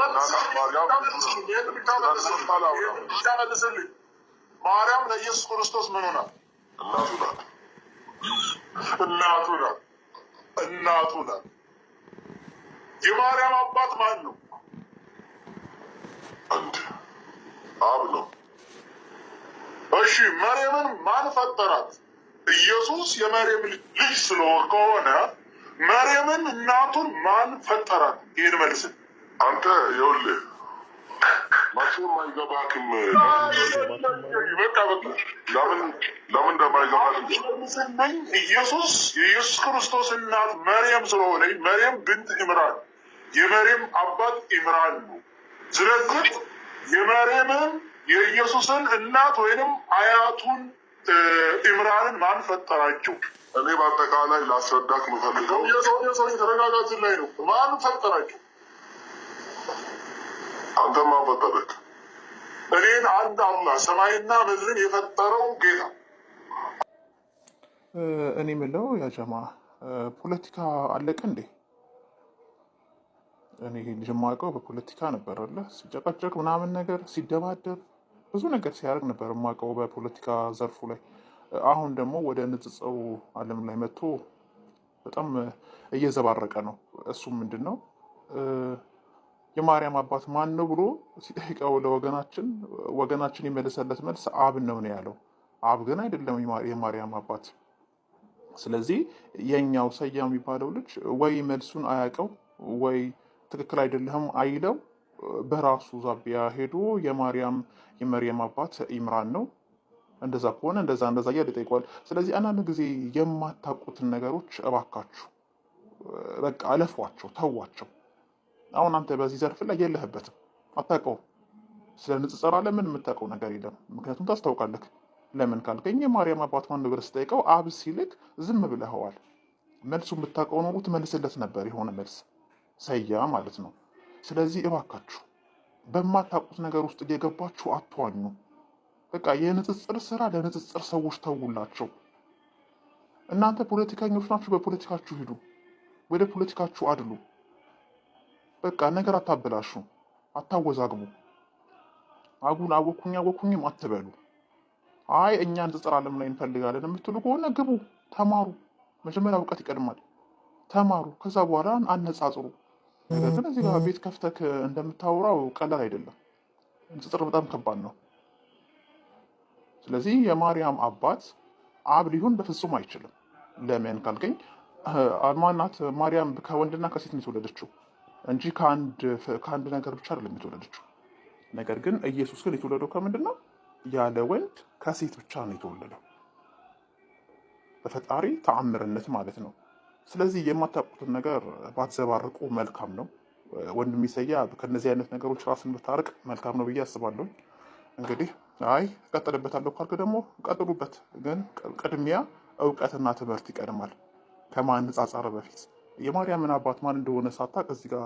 መልስልኝ። ማርያም ለኢየሱስ ክርስቶስ ምን ሆናል? እናቱ ናት። እናቱ ናት። እናቱ ናት። የማርያም አባት ማን ነው? አንድ አብ ነው። እሺ መሬምን ማን ፈጠራት? ኢየሱስ የመሬም ልጅ ስለሆነ ከሆነ መሬምን እናቱን ማን ፈጠራት? ይህን መልስል አንተ ይኸውልህ መቼም በቃ ለምን ለምን ኢየሱስ የኢየሱስ ክርስቶስ እናት መርየም ስለሆነ መርየም ብንት ኢምራን የመርየም አባት ኢምራን ነው። ስለዚህ የመርየምን የኢየሱስን እናት ወይንም አያቱን ኢምራንን ማን ፈጠራቸው? እኔ በአጠቃላይ ላስረዳክ ምፈልገው የሰው የተረጋጋትን ላይ ነው። ማን ፈጠራቸው? አንተ ማንፈጠረክ እኔን አንድ አምላክ ሰማይና ምድርን የፈጠረው ጌታ እኔ ምለው ያጀማ ፖለቲካ አለቀ እንዴ? እኔ ልጅ የማውቀው በፖለቲካ ነበር አለ ሲጨቀጨቅ ምናምን ነገር ሲደባደብ ብዙ ነገር ሲያደርግ ነበር የማውቀው በፖለቲካ ዘርፉ ላይ። አሁን ደግሞ ወደ ንጽጸው ዓለም ላይ መጥቶ በጣም እየዘባረቀ ነው። እሱ ምንድን ነው የማርያም አባት ማን ነው ብሎ ሲጠይቀው ለወገናችን ወገናችን የመለሰለት መልስ አብ ነው ነው ያለው። አብ ግን አይደለም የማርያም አባት። ስለዚህ የኛው ሰያ የሚባለው ልጅ ወይ መልሱን አያውቀው ወይ ትክክል አይደለህም አይለው በራሱ ዛቢያ ሄዶ የማርያም የመርያም አባት ኢምራን ነው እንደዛ ከሆነ እንደዛ እንደዛ እያለ ይጠይቋል። ስለዚህ አንዳንድ ጊዜ የማታውቁትን ነገሮች እባካችሁ በቃ አለፏቸው፣ ተዋቸው። አሁን አንተ በዚህ ዘርፍ ላይ የለህበትም፣ አታውቀውም። ስለ ንጽጽር ለምን ምን የምታውቀው ነገር የለም። ምክንያቱም ታስታውቃለህ። ለምን ካልከኝ የማርያም አባት ማን ብለህ ስጠይቀው አብ ሲልክ ዝም ብለኸዋል። መልሱ የምታውቀው ኖሮ ትመልስለት ነበር የሆነ መልስ ሰያ ማለት ነው። ስለዚህ እባካችሁ በማታውቁት ነገር ውስጥ እየገባችሁ አትዋኙ። በቃ የንጽጽር ስራ ለንጽጽር ሰዎች ተውላቸው። እናንተ ፖለቲከኞች ናችሁ፣ በፖለቲካችሁ ሂዱ፣ ወደ ፖለቲካችሁ አድሉ። በቃ ነገር አታበላሹ፣ አታወዛግቡ። አጉል አወኩኝ አወኩኝም አትበሉ። አይ እኛ ንጽጽር ዓለም ላይ እንፈልጋለን የምትሉ ከሆነ ግቡ፣ ተማሩ። መጀመሪያ እውቀት ይቀድማል። ተማሩ፣ ከዛ በኋላ አነጻጽሩ። ነገር ግን እዚህ ጋር ቤት ከፍተክ እንደምታወራው ቀላል አይደለም። ንጽጽር በጣም ከባድ ነው። ስለዚህ የማርያም አባት አብ ሊሆን በፍጹም አይችልም። ለምን ካልገኝ ማናት ማርያም ከወንድና ከሴት ነው የተወለደችው። እንጂ ከአንድ ነገር ብቻ አይደለም የተወለደችው። ነገር ግን ኢየሱስ ግን የተወለደው ከምንድን ነው? ያለ ወንድ ከሴት ብቻ ነው የተወለደው። በፈጣሪ ተአምርነት ማለት ነው። ስለዚህ የማታውቁትን ነገር ባትዘባርቁ መልካም ነው። ወንድም ኢሳያ ከነዚህ አይነት ነገሮች ራስን ብታርቅ መልካም ነው ብዬ አስባለሁ። እንግዲህ አይ እቀጥልበታለሁ ካልክ ደግሞ ቀጥሉበት፣ ግን ቅድሚያ እውቀትና ትምህርት ይቀድማል ከማነጻጸር በፊት የማርያምን አባት ማን እንደሆነ ሳታቅ እዚህ ጋር